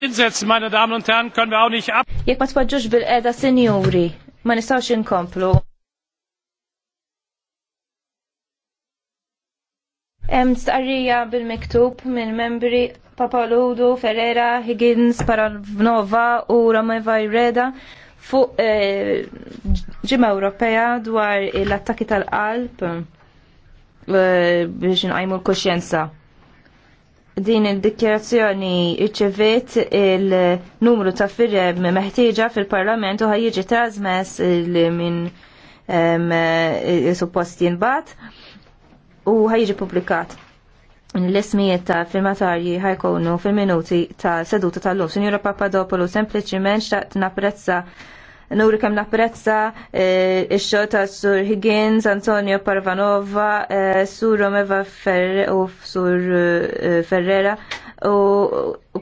Insetz, meine Damen und Herren, können wir auch nicht ab. Jek ma tpoġġux bil-qeda sinjuri, ma nistawx inkomplu. Hemm stqarrija bil-miktub minn membri Papaludu, Ferrera, Higgins, Paranova u Romeva Ireda fuq eh, Ġimma Ewropea dwar l-attakki tal-qalb eh, biex nqajmu l-koxjenza din il-dikjerazzjoni irċevet il-numru ta' firem meħtieġa fil-parlament u ħajjiġi trasmess minn supposti jinbat u ħajġi publikat. L-ismijiet ta' firmatarji ħajkunu fil-minuti ta' seduta tal-lum. Sinjura Papadopoulos sempliċiment xtaqt napprezza nuri kem napprezza eh, ix-xogħol ta' Sur Higgins, Antonio Parvanova, eh, Sur Romeva u Sur eh, Ferrera u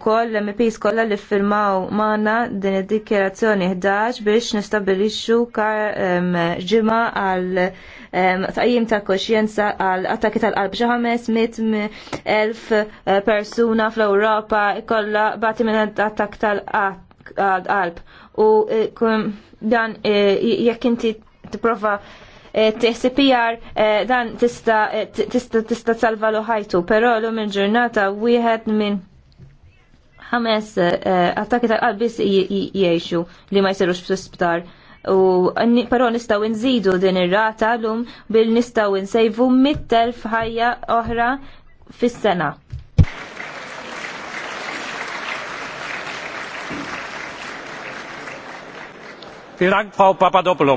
koll l-MPs kollha li firmaw maħna din id-dikjerazzjoni 11 biex nistabilixxu ġimgħa għal taqjim ta' koxjenza għal attakki tal-qalb xi mit elf persuna fl-Ewropa kollha bati minn attak tal qalb għalb. u eh, dan eh, jekk inti tipprova eh, spr dan tista salva lo ħajtu, pero l minn il-ġurnata wieħed minn ħames attakki tal-qalb jiexu jgħixu li ma jisirux f isptar U però nistaw nżidu din ir-rata l-lum bil nistaw nsejvu mittel ħajja oħra fis-sena. Vielen Dank, Frau Papadopoulou.